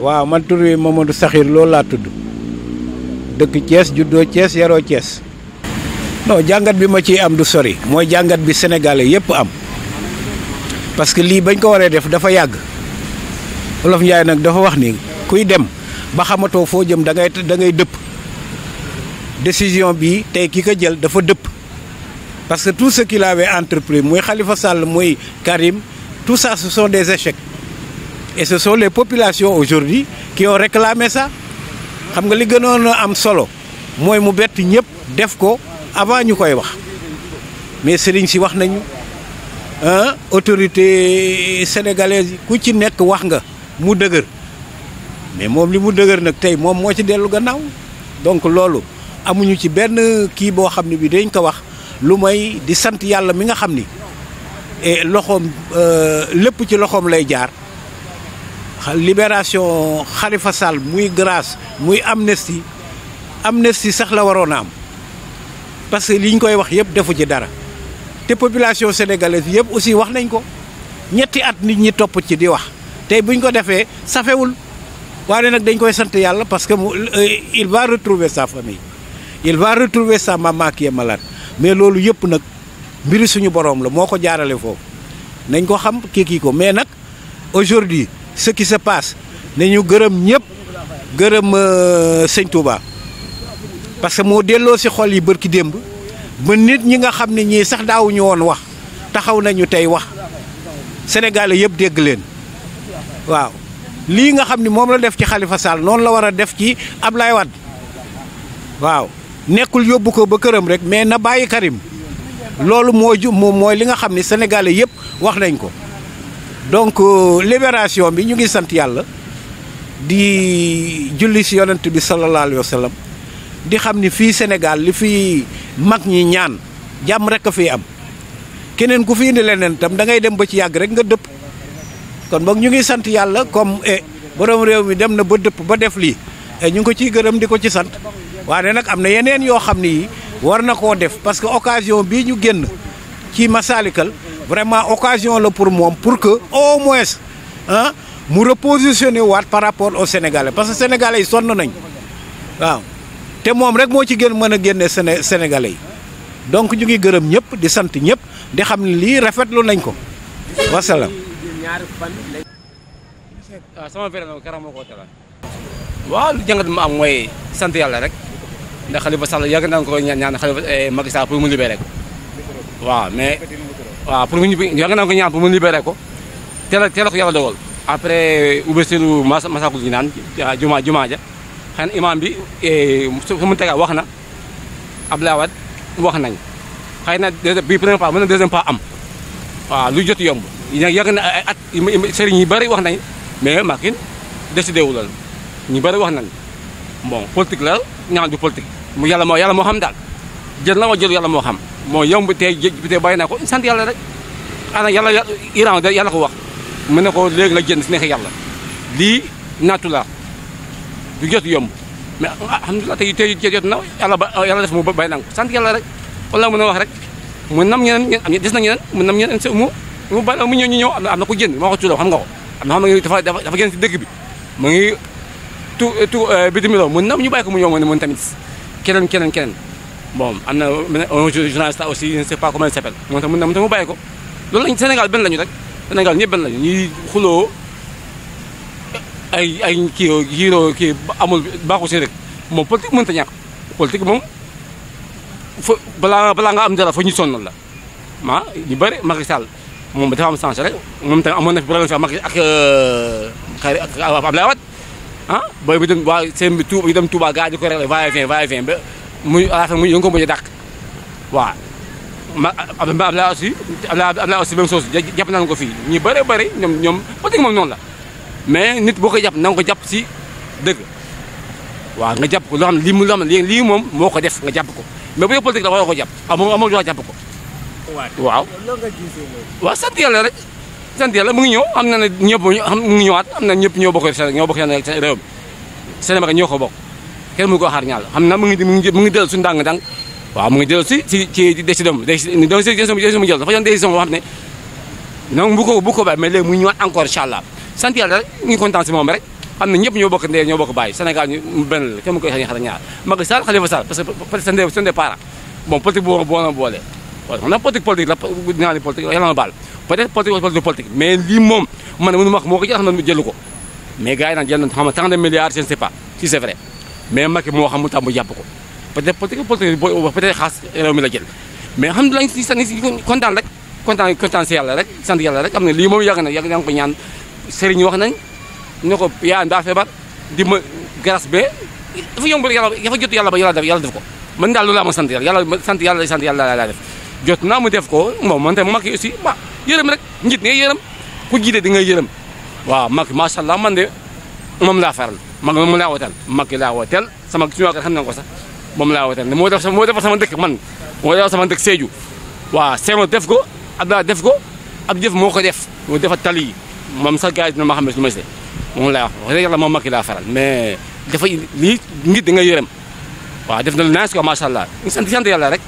waaw man moom wi Mamadou Sakhir loolu laa tudd dëkk Thiès juddoo Thiès yaroo Thiès. non jàngat bi ma ciy am du sori mooy jàngat bi sénégalais yépp am parce que lii bañ ko waree def dafa yàgg Olof Njaay nag dafa wax ni kuy dem ba xamatoo foo jëm da ngay da ngay dëpp décision bi tey ki ko jël dafa dëpp parce que tout ce qu'il entrepris muy xalifa Sall muy Karim tout ça ce sont des échecs et ce sont les populations aujourd'hui qui ont réclamé sax xam nga li gënoon am solo mooy mu bett ñëpp def ko avant ñu koy wax mais sëriñ si wax nañu ah autorité sénégalaise yi ku ci nekk wax nga mu dëgër mais moom li mu dëgër nag tey moom moo ci dellu gannaaw donc loolu amuñu ci benn kii boo xam ne bi dañ ko wax lu may di sant yàlla mi nga xam ni et loxoom euh, lépp ci loxoom lay jaar libération Khalifa Sall muy grâce muy amnistie amnistie sax la waroon a am parce que liñ koy wax yëpp defu ci dara te population sénégalaise yëpp aussi wax nañ ko ñetti at nit ñi topp ci di wax tey buñ ko defee safewul waaye nag dañ koy sant yàlla parce que euh, il va retrouver sa famille il va retrouver sa maman qui est mais loolu yëpp nag mbiri suñu boroom la moo ko jaarale foofu nañ ko xam kii kii ko mais nag aujourd'hui ce qui se passe na gërëm ñëpp gërëm euh, sëñ Touba parce que moo delloo si xol yi bërki démb ba nit ñi nga xam ne ñii sax daawuñu woon wax taxaw nañu tey wax sénégalais yëpp dégg leen waaw lii nga xam ni moom la def ci xalifa Sall noonu la war a def ci Ablaye Wade waaw nekkul yóbbu ko ba këram rek mais na bàyyi Karim loolu moo ju moom mooy li nga xam ni sénégalais yëpp wax nañ ko. donc euh, libération bi ñu ngi sant yàlla di julli si yonent bi sallallahu alayhi wa di xam ni fii Sénégal li fi mag ñi ñaan jàmm rek a fi am keneen ku fi indi leneen tam da ngay dem ba ci yàgg rek nga dëpp kon boog ñu ngi sant yàlla comme e eh, borom réew mi dem na ba dëpp ba def lii e ñu ngi ko ciy gërëm di ko ci sant waaye nag am na yeneen yoo xam ni war na koo def parce que occasion bii ñu génn ci masaalikal vraiment occasion la pour moom pour que au moins ah mu repositionné waat par rapport au sénégalais parce que sénégalais yi sonn nañ waaw te moom rek moo ci gën mën a génne Séné sénégalais yi donc ñu ngi gërëm ñëpp di sant ñëpp di xam ne lii rafetlu nañ ko wasalaam. waaw ah, sama vélo karama koo waaw lu jàngat ma am mooy sant yàlla rek ndax Khalifa Sall yàgg naa ko ñaan Khalifa eh, Macky Sall pour mu libéré ko waaw mais. waaw pour mu ñibbi yàgg naa ko ñaan pour mu libéré ko teel a teel a ko yàlla dogal après ouverture Massalikul Jinaan juma juma ja xëy na imaam bi eh, su mu tegaa wax na Abdoulaye Wade wax nañ xëy na bi premier na deuxième pas am waaw lu jot yomb yàgg na ay at sëriñ yi bëri wax nañ mais Macky décidé wu loolu ñu bëri wax nañ bon politique la ñaan du politique mu yàlla moo yàlla moo xam daal jël na wa jël yàlla moo xam moo yomb tey géej bi tey bàyyi naa ko sant yàlla rek ana yàlla Iran da yàlla ko wax mu ne ko léegi nga jënd si neexee yàlla lii naatu laa du jot yomb mais alhamdulilah te tey jot na yàlla ba yàlla def mu bàyyi naa ko sant yàlla rek wala mën a wax rek mu nam ñeneen ñeneen des na ñeneen mu nam ñeneen sa mu mu ba mu ñëw ñu ñëw am na ko jënd moo ko tuuloo xam nga ko am na xam nga dafa dafa génn si dëkk bi mu ngi tu tu euh, bitim réew mu nam ñu bàyyi ko mu ñëw mu ne tamit keneen keneen keneen bon am na un journaliste aussi je ne sais pas comment il s'appelle mu bàyyi ko loolu lañ Sénégal benn lañu rek Sénégal ñëpp benn lañu ñuy xuloo ay ay kiiro kii amul baaxu si rek moom politique mënta ñàkk politique moom fo balaa nga am dara fa ñu sonnal la ma ñu bëri Macky Sall moom dafa am changé rek moom tamit amoon na fi problème si Macky ak xëy euh, ak Abdoulaye Wade ah, booy bi dem waa seen bi tu bi dem Touba gars ko réglé va et vient muy à la fin muy da nga ko mujj a dàq waaw ma Abdoulaye aussi Abdoulaye aussi même chose jàpp nañu ko fii ñu bëree bëri ñoom ñoom ba dëgg moom noonu la mais nit boo koy jàpp na nga ko jàpp si dëgg waaw nga jàpp ko loo xam ne lii mu loo xam ne lii moom moo ko def nga jàpp ko mais bu dee politique la waroo ko jàpp amoo ah, amoo droit jàpp ko waaw waaw sant yàlla rek sant yàlla mu ngi ñëw am na ne ñëpp mu ngi ñëwaat am na ñëpp ñoo bokk seen ñoo bokk seen réew mi Sénégal ñoo ko bokk kenn mënu ko xaar ñaar xam na mu ngi mu ngi mu waaw mu ngi dellu si si ci mu jël dafa yoon décision boo mu ñëwaat encore incha allah sant mu koy xaar ñaar Macky Sall Khalifa parce que parce que bon politique boo boole na politique politique mais lii moom man mënu ma wax moo ko ko mais gars yi naan jël na de milliards je ne sais si c'est vrai mais Macky moo xam mu tax mu jàpp ko peut-être peut-être peut mi la jël mais alhamdulilah ñu si sant ñu si kontaan rek kontaan kontaan si yàlla rek sant yàlla rek am na lii moom yàgg na ko ñaan sëriñ wax nañ ne ko yaa ndaa feebar di ma grâce be dafa yombal yàlla dafa jot yàlla ba yàlla def yàlla def ko man daal loolu laa ma sant yàlla yàlla ma sant yàlla sant yàlla laa def jot naa mu def ko moom man tam Macky aussi waaw yërëm rek njit ngay yërëm ku jiite di ngay yërëm waaw Macky macha allah man de moom laa faral mag moom laa wooteel Macky laa wooteel sama suñu waa xam nañ ko sax moom laa wooteel moo def moo defar sama dëkk man moo defar sama dëkk Sédhiou waaw Senghor def ko Abdoulaye def ko ab jëf moo ko def moo defar tali yi moom sax gars na ma xam ne su ma see moom la wax wax dëgg yàlla moom Macky laa faral mais dafa lii ngir da nga yërëm waaw def na lu nice quoi macha allah ñu sant sant yàlla rek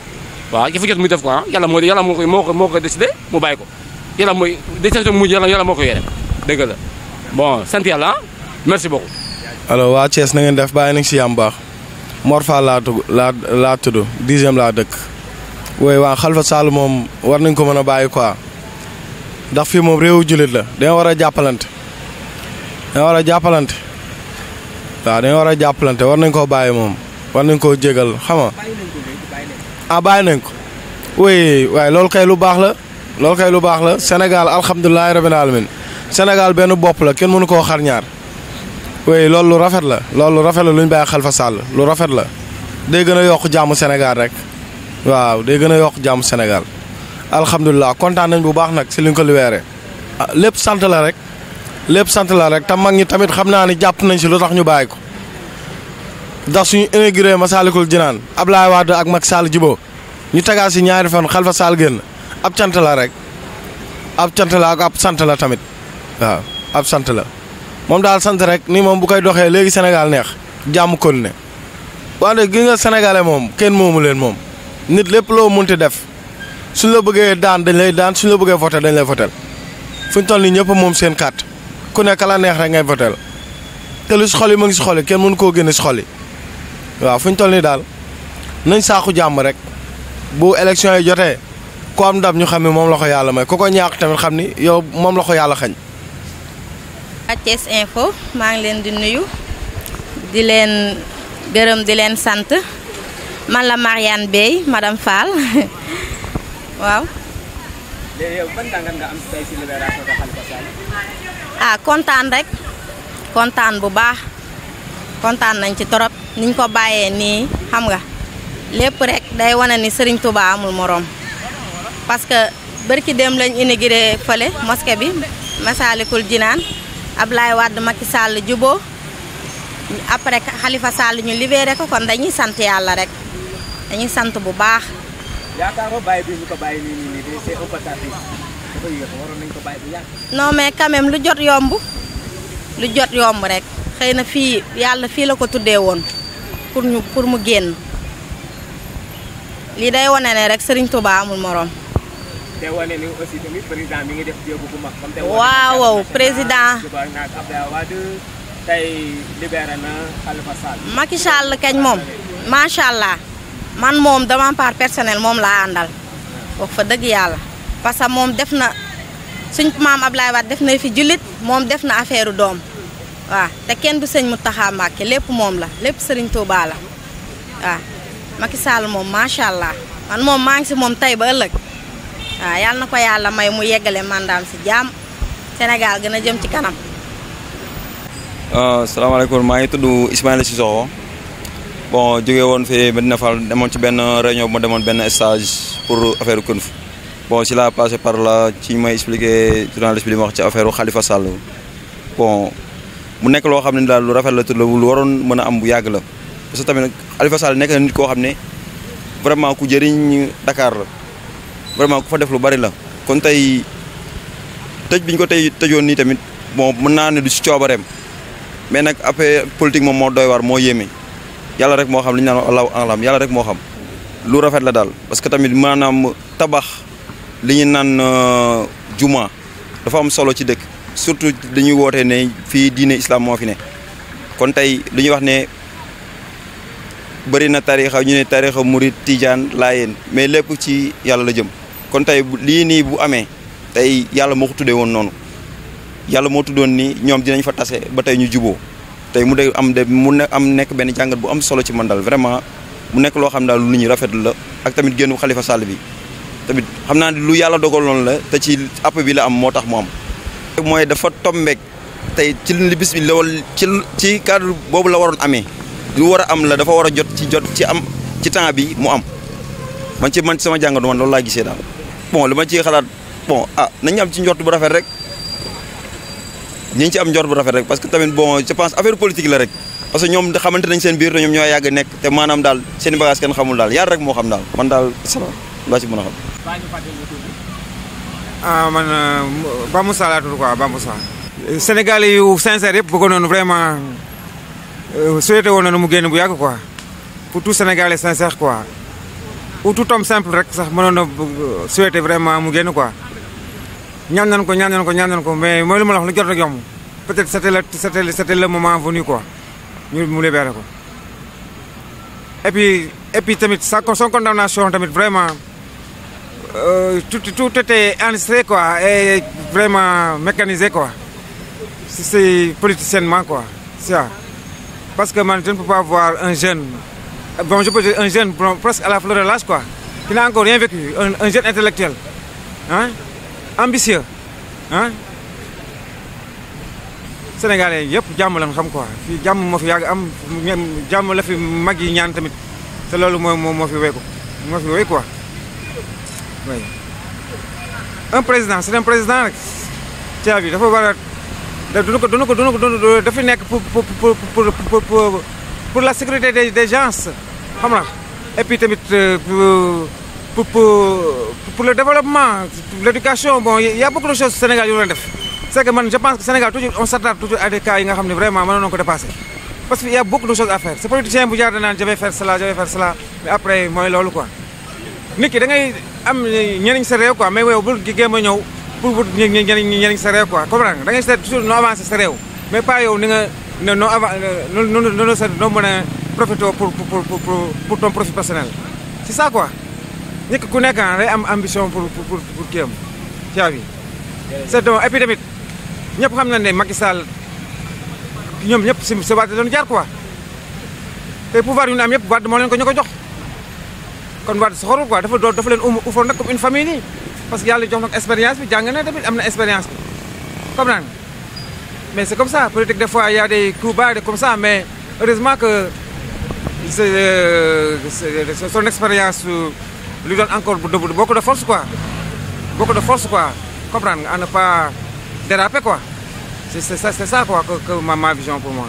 waaw dafa jot muy def ko a ah, yàlla moo yàlla moo ko moo ko moo ko décidé mu bàyyi ko yàlla mooy décision mujj yàlla yàlla ko yore dëgg la bon sant yàlla ah merci alors waa Thiès na ngeen def bàyyi nañ si yam baax Mor Fall laa tudd laa laa dëkk. wooy waa Khalifa saal moom war nañ ko mën a bàyyi quoi ndax fii moom réewu jullit la dañoo war a jàppalante dañoo war a jàppalante waa dañoo war a jàppalante war nañ koo bàyyi moom war nañ koo jégal xam nga ah bàyyi nañ ko oui waaye loolu kay lu baax la loolu kay lu baax la Sénégal alhamdulilah rabbil alamin Sénégal benn bopp la kenn mënu koo xar oui loolu rafet la loolu lu rafet la lu ñu bàyyi Khalifa lu rafet la day gën a yokk jàmm Sénégal rek waaw day gën a yokk jàmm Sénégal alhamdulilah kontaan nañ bu baax nag si li ñu ko libéré. Ah, lépp sant la rek lépp sant la rek te mag ñi tamit xam naa ni jàpp nañ si lu tax ñu bàyyi ko ndax suñu inauguré Masaalikul Jinaan Ablaye Wade ak Macky Sall jiboo ñu tegaat si ñaari fan Khalifa Sall génn ab cant la rek ab cant la ak ab sant la tamit waaw ab sant la. moom daal sant rek nii moom bu koy doxee léegi Sénégal neex jàmm kon ne waa léegi gi nga sénégalais moom kenn moomu leen moom nit lépp loo munti def suñ la bëggee daan dañ lay daan suñu la bëggee voté dañ lay voté fu ñu toll nii ñëpp moom seen carte ku nekk la neex rek ngay voté te lu si xol yi mu ngi si xol kenn mënu koo génne si xol yi waaw fu ñu toll nii daal nañ saaku jàmm rek bu élection yi jotee ku am ndam ñu xam ne moom la yàlla may ku ñaax tamit xam ni yow moom la ko yàlla xañ. Thiès Info maa ngi leen di nuyu di leen gërëm di leen sant man la Mariane Bey madame Fall waaw. léegi ah, kontaan rek kontaan bu baax kontaan nañ ci torop niñ ko bàyyee nii xam nga lépp rek day wone ni sëriñ Touba amul moroom parce que ci dem lañ inauguré fële mosquée bi Massalikul Jinaan Ablaye Wade Macky sàll juboo après Khalifa Sall ñu libéré ko kon dañuy sant yàlla rek dañuy sant bu baax. yaakaaroo bàyyi lu jot yomb lu jot yomb rekk xëy na fii yàlla fii la ko tuddee woon pour ñu pour mu génn lii day wone ne rek Serigne Touba amul moroom. te wane ni aussi tamit ngi def jéego bu mag. comme te waaw waaw président ak Sall. kañ moom macha allah man moom dama par personnel moom laa àndal wax fa dëgg yàlla parce que moom def na suñ maam Abdoulaye Wade def na fi jullit moom def na affaire doom waaw te kenn du sëñ Mountakha Mbacké lépp moom la lépp Serigne Touba la waaw Macky Sall moom macha allah man moom maa ngi si moom tey ba ëllëg. waaw yàlla na ko yàlla may mu yeggale mandaam si jaam Sénégal gën jëm ci kanam. Euh, salaamaaleykum maa ngi tudd Ismaïla Cissokho bon jóge woon fi Medina Fall demoon ci benn réunion bu ma demoon benn stage pour affaire kunf bon si la passé par la ci may expliqué journaliste bi li ma wax ci affaire Khalifa Sall bon mu nekk loo xam ne daal lu rafet la tudd lu waroon mën a am bu yàgg la parce que tamit Khalifa Sall nekk na nit koo xam ne vraiment ku jëriñ Dakar vraiment ku fa def lu bari la kon tey tëj bi ñu ko tey tëjoon nii tamit bon mën naa ne du si coobareem mais nag après politique moom moo doy war moo yéeme yàlla rek moo xam li ñu naan allahu alam rek moo xam lu rafet la daal parce que tamit maanaam tabax li ñu naan euh, juma dafa am solo ci dëkk surtout dañuy wootee ne fii diine islam moo fi ne kon tey li ñuy wax ne bëri na tarixa ñu ne tarixa murit tijaan laayeen mais lépp ci yàlla la jëm kon tey lii nii bu amee tey yàlla moo ko tuddee woon noonu yàlla moo tuddoon nii ñoom dinañ fa tase ba tey ñu juboo tey mu de am de mu ne am nekk benn jàngat bu am solo ci man daal vraiment mu nekk loo xam ne daal lu ñu rafetlu la ak tamit génn xalifa Sall bi tamit xam naa ne lu yàlla dogaloon la te ci app bi la am moo tax mu am. mooy dafa tombeek tey ci li bis bi la ci ci boobu la waroon amee war a am la dafa war a jot ci jot ci am ci temps bi mu am man ci man sama jàngatu man loolu laa gisee daal. bon ma ciy xalaat bon ah nañu am ci njort bu rafet rek ñu ci am njort bu rafet rek parce que tamit bon je pense affaire politique la rek parce que ñoom xamante nañ seen biir te ñoom ñoo yàgg nekk te maanaam daal seen i bagage kenn xamul daal yar rek moo xam daal man daal salaam laa ci mën a xam. ah man euh, Ba Moussa laa tudd quoi yu sincère yëpp bëggoon nañu vraiment euh, souhaité woon nañu mu génn bu yàgg quoi pour tout Sénégalais sincère quoi. ou tout homme simple rek sax mënoon na souhaiter vraiment mu génn quoi ñaan nañ ko ñaan nañ ko ñaan ko mais mooy lu ma la wax lu jot rek yomb peut-être c'était le c'était c'était le moment venu quoi ñu mu libéré ko et puis et puis tamit sa son condamnation tamit vraiment euh, tout tout était enregistré quoi et vraiment mécanisé quoi si c'est politiciennement quoi ça parce que man je ne peux pas voir un jeune bon, je peux dire un jeune bon, presque à la fleur de l'âge, quoi, qui n'a encore rien vécu, un, un jeune intellectuel, hein, ambitieux, hein. Sénégalais yëpp jàmm lañ xam quoi fii jàmm moo fi yàgg am jàmm la fi mag yi ñaan tamit te loolu moo moo fi wéy ko moo fi wéy quoi oui. président c'est un président rek caa bi dafa war a da du ko du ko du ko dafa nekk pour pour pour pour la sécurité des des gens. xam nga et puis tamit pour pour le développement l' éducation bon y' a beaucoup de choses Sénégal yu doon def c' est que man je pense que Sénégal toujours on s'attarde toujours à des cas yi nga xam ne vraiment mënoon na ko dépasser. parce que y' a beaucoup de choses à faire sa politicien bu jaar da naan je vais faire cela je vais faire cela mais après mooy loolu quoi. nit ki da ngay am ñeneen sa réew quoi mais yow bul géem a ñëw pour wut ñeneen ñeneen sa réew quoi comprendre nga da ngay seet toujours noo avancer sa réew mais pas yow ni nga noo avan noo noo noo mën a. profité pour pour pour pour ton profit personnel c'est ça quoi nit ku nekk ah, day am ambition pour pour pour kii am caabi. c'est donc et xam na ne Macky Sall ñoom ñëpp si si Wade doon jaar quoi te pouvoir yu ñu am yëpp Wade moo leen ko ñu ko jox kon Wade soxorul quoi dafa dafa leen umu ufoon nag comme une famille nii parce que yàlla jox na expérience bi jàng na tamit am na expérience bi comme naan mais c'est comme ça politique des fois y a des Euh, son expérience euh, lui donne encore beaucoup de force quoi. Beaucoup de force quoi. Comprendre, à ne pas déraper quoi. C'est ça, ça quoi que, que ma, ma vision pour moi.